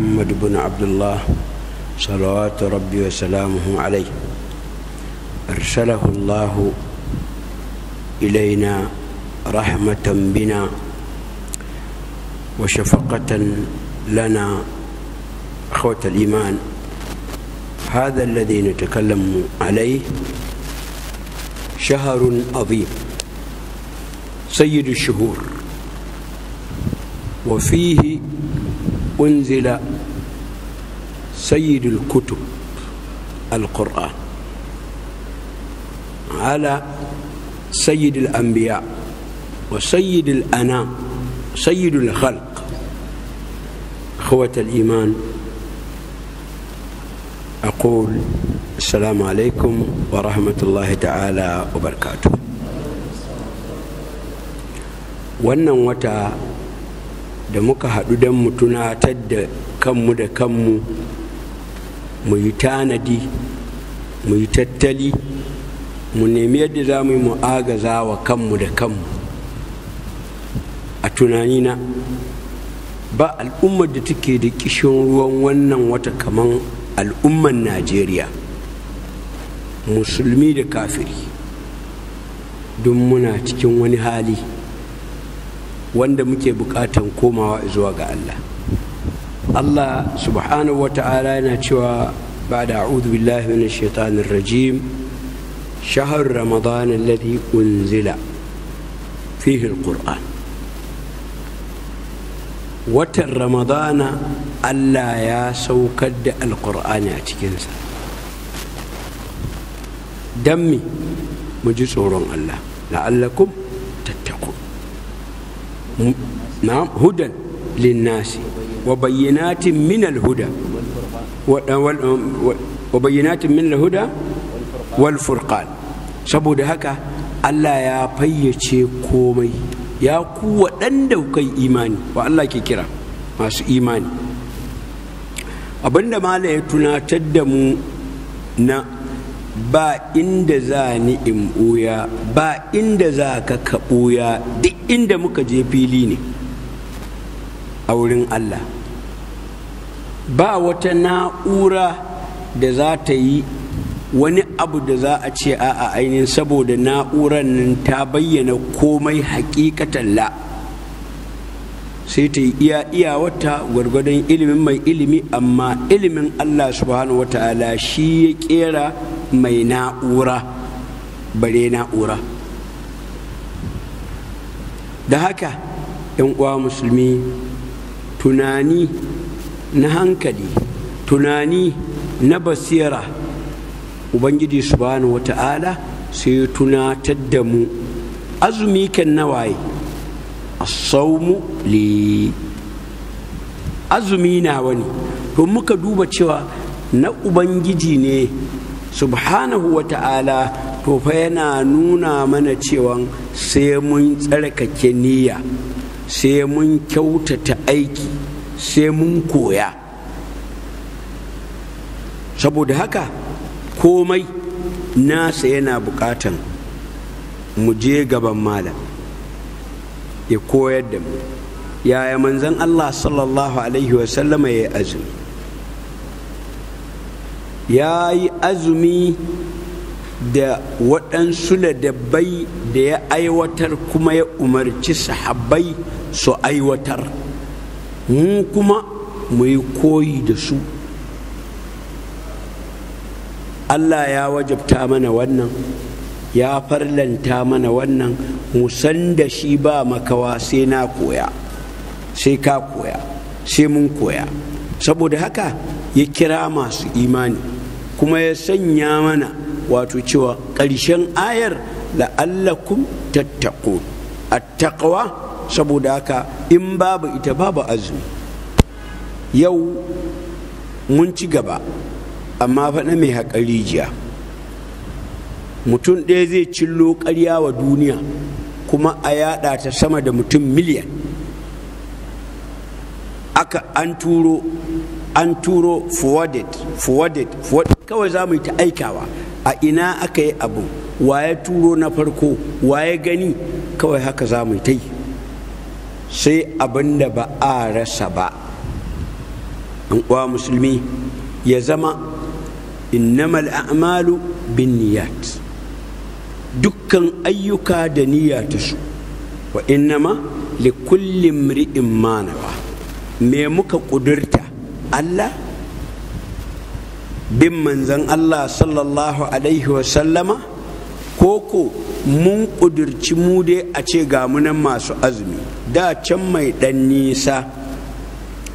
محمد بن عبد الله صلوات ربي وسلامه عليه أرسله الله إلينا رحمة بنا وشفقة لنا أخوة الإيمان هذا الذي نتكلم عليه شهر عظيم سيد الشهور وفيه أنزل سيد الكتب القرآن على سيد الأنبياء وسيد الأنام سيد الخلق أخوة الإيمان أقول السلام عليكم ورحمة الله تعالى وبركاته wannan وتأ da muka haɗu don mu tunatar da kanmu da kanmu mu yi tanadi mu yi tattali mu nemi yadda za mu yi mu agaza wa kanmu da kanmu a tunanina ba al'ummar da take da kishin ruwan wannan wata kaman al'ummar najeriya musulmi da kafiri don muna cikin wani hali wanda muke bukatan komawa zuwa ga Allah Allah subhanahu wata'ala yana cewa بعد أعوذ بالله من shahar الرجيم شهر رمضان الذي أنزل فيه القرآن watan ramadana allah ya saukar da alkur'ani a cikinsa dan mi mu ji tsoron allah la'allakum نعم هدى للناس وبينات من الهدى وبينات من الهدى والفرقان سبو هكا ألا يا بي كومي يا قوة أندو كي إيماني والله كي كرا ماس إيماني أبند ما لي تنا ba inda za ni in ɓuya ba inda za ka ka ɓuya duk inda muka je fili ne a wurin Allah ba wata na'ura da za ta yi wani abu da za a ce a ainihin saboda na'urar nan ta bayyana komai hakikatan la sai ta yi iya iya wata gwargwadon ilimin mai ilimi amma ilimin Allah subhanahu wa ta'ala shi ya kera mai na'ura bare na'ura da haka yan uwa musulmi tunani na hankali tunani na basira ubangiji subhanahu wata'ala sai ya tunatar da mu azumi kan nawaye asaumu li azumi na wani to muka duba cewa na ubangiji ne subhanahu wa ta'ala to fa yana nuna mana cewa sai mun tsarkake niyya sai mun kyautata aiki sai mun koya saboda haka komai nasa yana bukatan mu je gaban malam ya koyar da mu yaya manzon allah sallallahu alaihi wasallama ya yi azumi ya yi azumi da waɗansu ladabbai da ya aiwatar kuma ya umarci sahabbai su aiwatar mu kuma mu yi koyi da su allah ya wajabta mana wannan ya farlanta mana wannan musan da shi ba makawa sai na koya sai ka koya sai mun koya saboda haka ya kira masu imani kuma ya sanya mana wato cewa ƙarshen ayar la'allakum a attaqwa saboda haka in babu ita babu azumi yau mun ci gaba amma faɗa mai haƙari jiya mutum ɗaya zai cillo ƙarya wa duniya kuma a yaɗa ta sama da mutum miliyan aka an turo an turo forwarded forwarded kawai za mu yi ta aikawa a ina aka yi abu waye turo na farko waye gani kawai haka za mu yi ta yi sai abinda da ba a rasa ba uwa musulmi ya zama innamal a'malu bin niyat dukkan ayyuka da niyya ta su wa innama li likullin ri'in manawa me muka kudurta Allah bin manzan Allah sallallahu alaihi wasallama koko mun ƙudurci mu dai a ce ga munan masu azumi da can mai ɗan nisa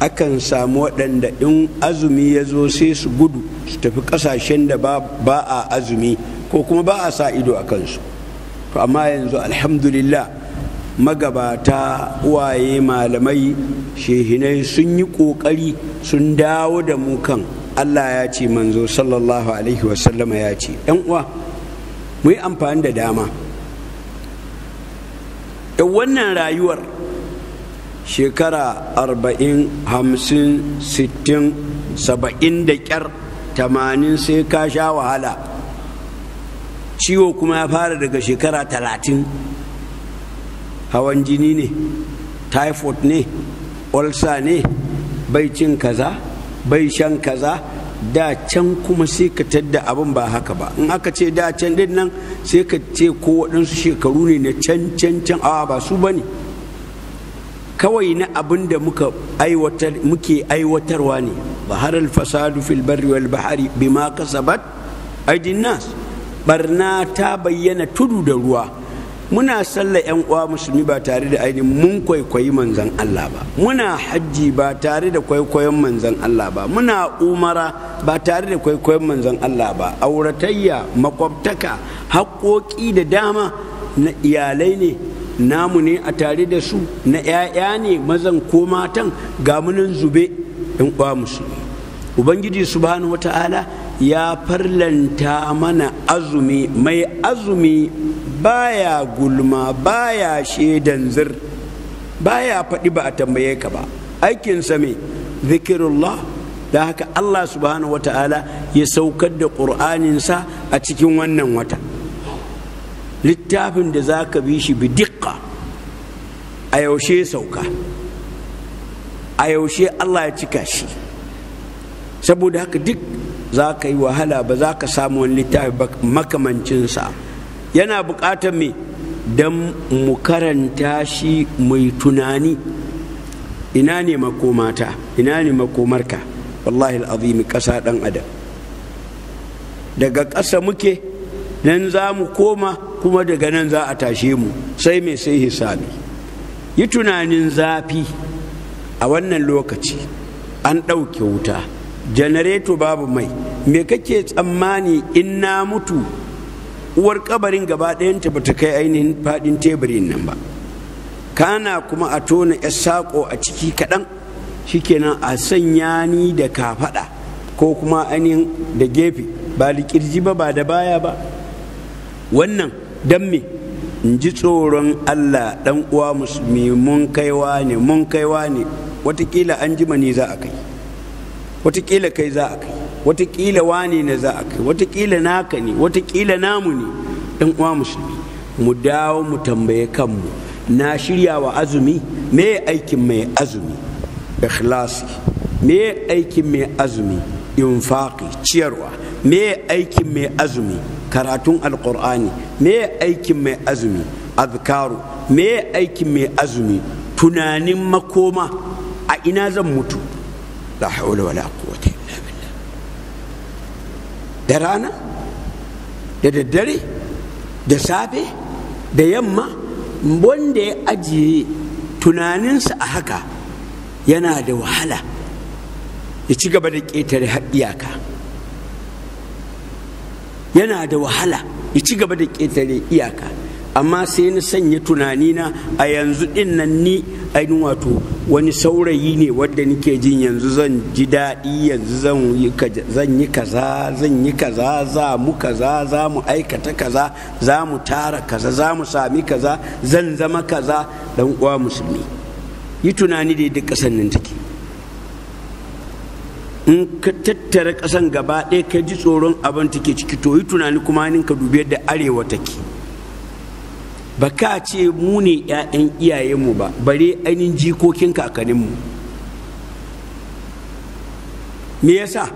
akan samu waɗanda in azumi ya zo sai su gudu su tafi ƙasashen da ba a azumi ko kuma ba a sa ido a kansu amma yanzu alhamdulillah magabata uwaye malamai shehinai sun yi ƙoƙari sun dawo da mu kan allah ya ce manzo sallallahu alaihi wasallama ya ce yan uwa mu yi amfani da dama wannan rayuwar shekara arba'in hamsin sittin saba'in da ƙyar tamanin sai ka sha wahala ciwo kuma ya fara daga shekara talatin hawan jini ne typhoid ne ulcer ne bai cin kaza bai shan kaza da can kuma sai ka tadda abin ba haka ba in aka ce da can din nan sai ka ce ko waɗansu shekaru ne na can can can a ba su ba ne kawai na abin da muke aiwatarwa ne bahar fasadu fil barri wal bahari bima kasabat aidin nas barna ta bayyana tudu da ruwa muna sallar yan uwa musulmi ba tare da ainihin mun kwaikwayi manzan Allah ba muna hajji ba tare da kwaikwayon manzan Allah ba muna umara ba tare da kwaikwayon manzan Allah ba auratayya makwabtaka haƙoƙi da dama na iyalai ne namu ne a tare da su na 'ya'ya ne mazan ko matan ga munin zube in uwa musulmi ubangiji subhanahu wata'ala ya farlanta mana azumi mai azumi baya gulma baya shedan zir baya faɗi ba a tambaye ka ba aikinsa mai zikirullah da haka Allah subhanahu wata'ala ya saukar da ƙur'aninsa a cikin wannan wata littafin da za ka bi shi bidikka a yaushe sauka a yaushe Allah ya cika shi saboda haka duk za ka yi wahala ba za ka samu wani littafi makamancinsa yana buƙatar me don mu karanta shi mai tunani ina ne makomata ina ne makomarka wallahi al'azim ƙasa ɗan adam daga ƙasa muke nan za mu koma kuma daga nan za a tashe mu sai mai sai hisabi yi tunanin zafi a wannan lokaci an ɗauke wuta janareto babu mai me kake tsammani in na mutu uwar kabarin gaba ɗayanta ba ta kai ainihin faɗin teburin nan ba kana kuma a tona ya saƙo a ciki kaɗan shikenan a sanya ni da kafaɗa ko kuma ainihin da gefe ba da ƙirji ba ba da baya ba wannan don me in ji tsoron allah ɗan uwa musulmi mun kaiwa ne mun kaiwa ne watakila an ji mani za a kai watakila kai za a kai watakila wane na za a kai watakila naka ne watakila namu ne ɗan uwa musulmi mu dawo mu tambaye kanmu na shirya wa azumi me aikin mai azumi ikhlasi me aikin mai azumi infaqi ciyarwa me aikin mai azumi karatun alƙur'ani me aikin mai azumi azkaru me aikin mai azumi tunanin makoma a ina zan mutu la haula wala quwwata da rana da daddare da safe da yamma wanda ya ajiye tunaninsa a haka yana da wahala ya ci gaba da ƙetare iyaka yana da wahala ya ci gaba da ƙetare iyaka amma sai na sanya tunanina a yanzu ɗin nan ni ainihin wato wani saurayi ne wadda nike jin yanzu zan ji daɗi yanzu zan yi kaza zan yi kaza za mu kaza za mu aikata kaza za mu tara kaza za mu sami kaza zan zama kaza dan uwa musulmi yi tunani da duk ƙasan nan take in ka tattara ƙasan gaba ɗaya ka ji tsoron abin take ciki to yi tunani kuma ka dubi yadda arewa take ba ka ce mu ne 'ya'yan iyayenmu ba bare ainihin jikokin kakaninmu me yasa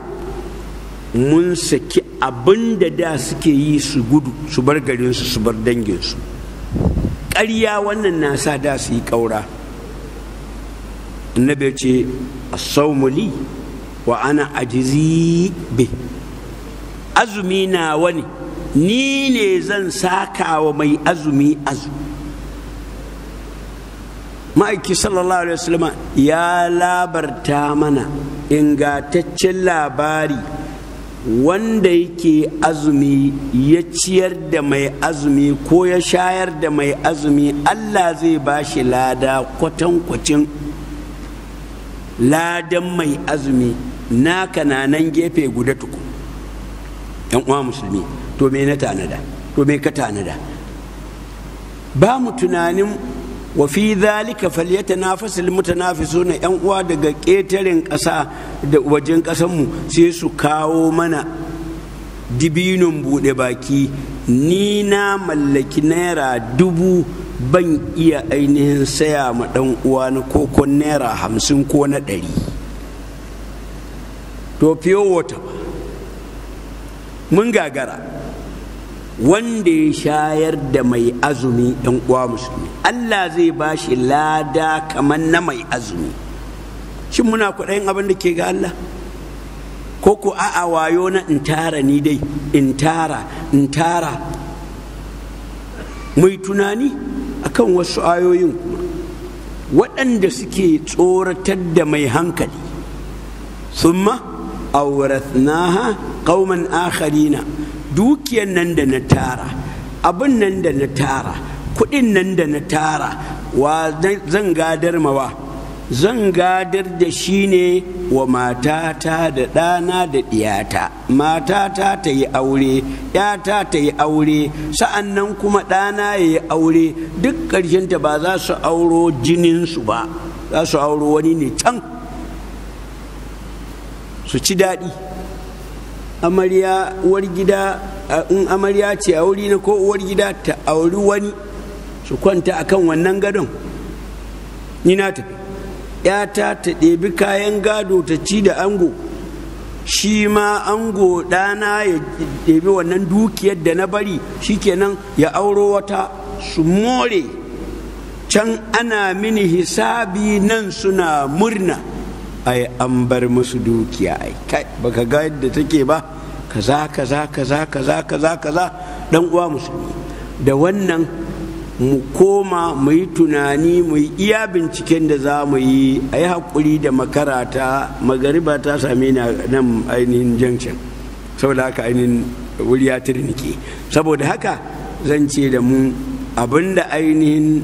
mun saki abin da da suke yi su gudu su bar garinsu su bar danginsu ƙarya wannan na sa da su yi ƙaura annabi ce asaumuli wa ana ajizi be azumi na wani ni ne zan saka wa mai azumi azumi ma'aiki sallallahu alaihi wasallam ya labarta mana ingantaccen labari wanda yake azumi ya ciyar da mai azumi ko ya shayar da mai azumi allah zai ba shi lada kwatan kwacin ladan mai azumi na kananan gefe guda tuku uwa musulmi to me na tanada to me ka tanada ba mu tunanin wa fi dhalika falyatanafasu almutanafisuna yan uwa daga ƙetaren ƙasa da wajen mu sai su kawo mana dibinun buɗe baki ni na mallaki naira dubu ban iya ainihin saya ma ɗan uwa na kokon naira hamsin ko na ɗari to fiyo wata mun gagara wanda ya shayar da mai azumi ɗan uwa musulmi Allah zai ba shi lada kamar na mai azumi shin muna kwaɗayin abin da ke ga Allah ko ku a'a wayo na in tara ni dai in tara in tara mai tunani akan wasu ayoyin waɗanda suke tsoratar da mai hankali summa auratnaha qauman akharina dukiyar nan da na tara abin nan da na tara kuɗin nan da na tara wa zan gadar mawa zan gadar da shi ne wa matata da ɗana da ɗiyata matata ta yi aure ‘yata ta yi aure sa'an nan kuma ɗana ya yi aure duk ƙarshenta ba za su auro jininsu ba za su auro wani ne can su ci daɗi amarya uwar gida in amarya ce a wuri na ko uwar gida ta auri wani su kwanta akan wannan gadon ni na tafi yata ta ɗebi kayan gado ta ci da ango shi ma ango ɗana ya ɗebi wannan dukiyar da na bari shi kenan ya auro wata su more can ana mini hisabi nan suna murna ai an bar musu dukiya ai kai baka ga yadda take ba kaza kaza kaza kaza kaza kaza dan uwa musulmi da wannan mu koma mu yi tunani mu yi iya binciken da za mu yi a yi haƙuri da makarata magariba ta sami na nan ainihin jancin saboda haka ainihin wuri ya turniki saboda haka zan ce da mu abinda ainihin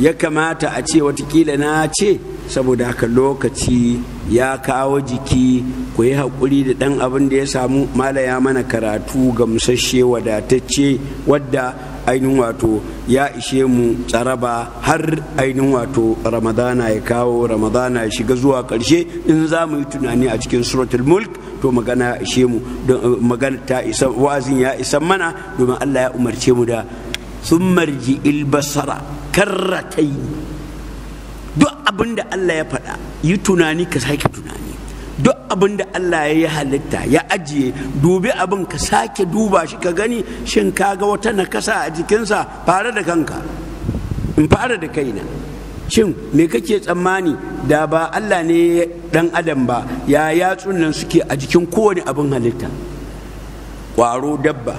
ya kamata a ce watakila na ce saboda haka lokaci ya kawo jiki ku yi haƙuri da ɗan abin da ya samu malaya mana karatu gamsasshe wadatacce wadda ainihin wato ya ishe mu tsaraba har ainihin wato ramadana ya kawo ramadana ya shiga zuwa ƙarshe in za mu yi tunani a cikin suratul mulk to magana ya ishe mu eh, magana ta isa wazin ya isa mana domin allah ya umarce mu da sun marji ilbasara karratai duk abin da Allah ya faɗa yi tunani ka sake tunani duk abin da Allah ya yi halitta ya ajiye dubi abin ka sake duba shi ka gani shin ka ga wata nakasa a jikinsa fara da kanka in fara da kaina shin me kake tsammani da ba Allah ne dan adam ba ya yatsun nan suke a jikin kowane abin halitta ƙwaro dabba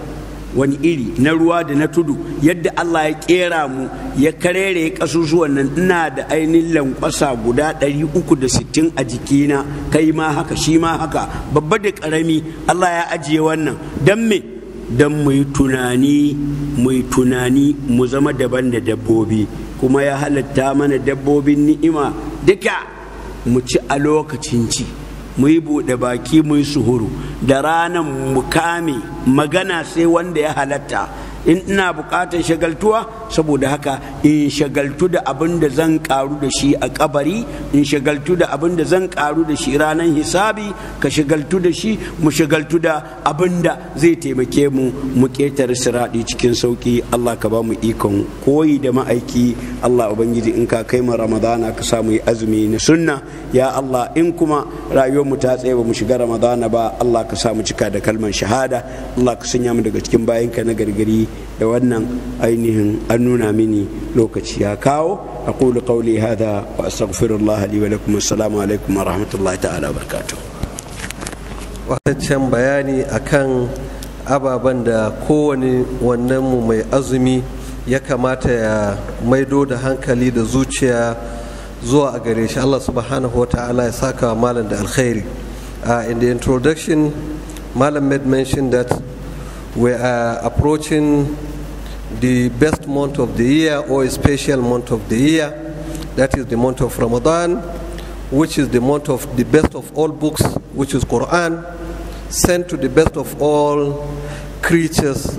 wani iri na ruwa da na tudu yadda Allah ya kera mu ya karere kasusuwan nan ina da ainihin lankwasa guda 360 a jikina kai ma haka shi ma haka babba da karami Allah ya ajiye wannan don me don mu yi tunani mu yi tunani mu zama daban da dabbobi kuma ya halatta mana dabbobin ni'ima duka mu ci a lokacin ci mu yi buɗe baki mu yi suhuru da ranan mukami magana sai wanda ya halatta in ina buƙatar shagaltuwa saboda haka in shagaltu da abin da zan karu da shi a kabari in shagaltu da abin da zan karu da shi ranar hisabi ka shagaltu da shi mu shagaltu da abin da zai taimake mu mu ƙetare siradi cikin sauki. Allah ka ba mu ikon koyi da ma'aiki Allah ubangiji in ka kai mu ramadana ka sa mu yi azumi na sunna ya Allah in kuma rayuwar mu ta tsaye ba mu shiga ramadana ba Allah ka sa mu cika da kalmar shahada Allah ka sanya mu daga cikin bayanka na gargari da wannan ainihin an nuna mini lokaci ya kawo kuli kauli hada wa astaghfirullah li wa lakum assalamu alaikum wa rahmatullahi ta'ala wa barakatuh bayani akan ababen da kowane wannan mu mai azumi ya kamata ya maido da hankali da zuciya zuwa a gare shi Allah subhanahu wa ta'ala ya saka malam da alkhairi uh, in the introduction malam made mention that we are approaching the best month of the year or a special month of the year. That is the month of Ramadan, which is the month of the best of all books, which is Quran, sent to the best of all creatures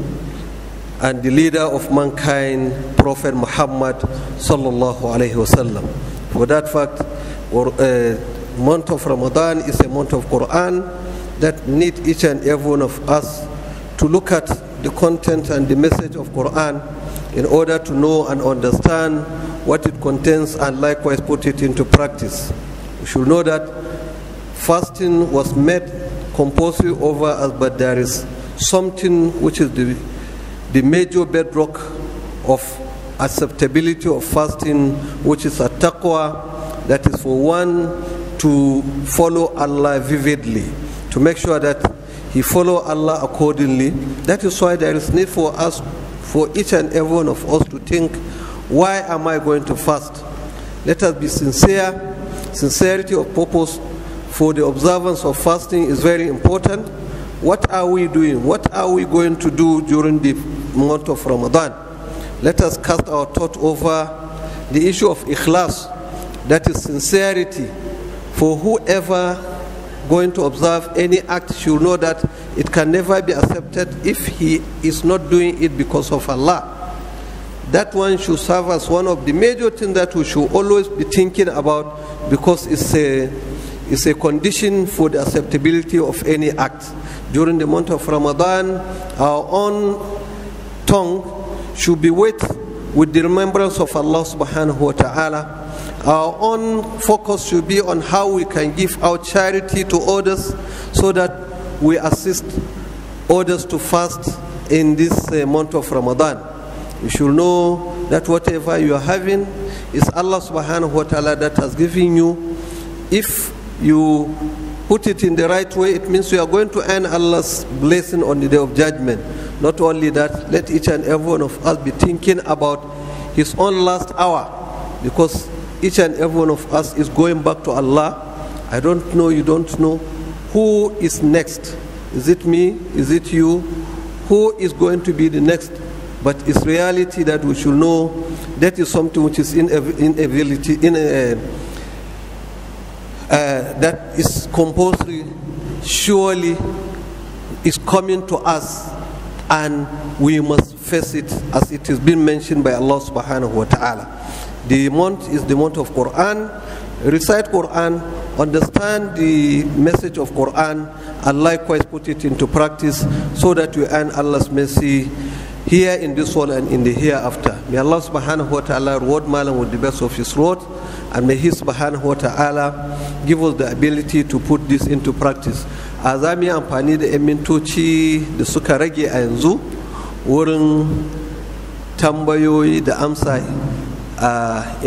and the leader of mankind, Prophet Muhammad sallallahu alaihi wasallam. For that fact, or, uh, month of Ramadan is a month of Quran that need each and every one of us to look at the content and the message of Quran in order to know and understand what it contains and likewise put it into practice. We should know that fasting was made compulsory over us, but there is something which is the, the major bedrock of acceptability of fasting, which is a taqwa, that is for one to follow Allah vividly, to make sure that he follow Allah accordingly. That is why there is need for us, for each and every one of us to think, why am I going to fast? Let us be sincere. Sincerity of purpose for the observance of fasting is very important. What are we doing? What are we going to do during the month of Ramadan? Let us cast our thought over the issue of ikhlas, that is sincerity for whoever going to observe any act should know that it can never be accepted if he is not doing it because of Allah. That one should serve as one of the major things that we should always be thinking about because it's a, it's a condition for the acceptability of any act. During the month of Ramadan, our own tongue should be wet with the remembrance of Allah subhanahu wa ta'ala our own focus should be on how we can give our charity to others so that we assist others to fast in this uh, month of Ramadan. You should know that whatever you are having is Allah subhanahu wa ta'ala that has given you. If you put it in the right way, it means you are going to earn Allah's blessing on the day of judgment. Not only that, let each and every one of us be thinking about his own last hour because each and every one of us is going back to Allah. I don't know, you don't know who is next. Is it me? Is it you? Who is going to be the next? But it's reality that we should know that is something which is inability, in, a uh, uh, that is compulsory, surely is coming to us and we must face it as it has been mentioned by Allah subhanahu wa ta'ala. The month is the month of Quran. Recite Quran, understand the message of Quran, and likewise put it into practice so that you earn Allah's mercy here in this world and in the hereafter. May Allah subhanahu wa ta'ala reward Malam with the best of his road and may He subhanahu wa ta'ala give us the ability to put this into practice. Azami za mu yi the da 'yan mintoci da suka rage a yanzu wurin tambayoyi da amsa uh,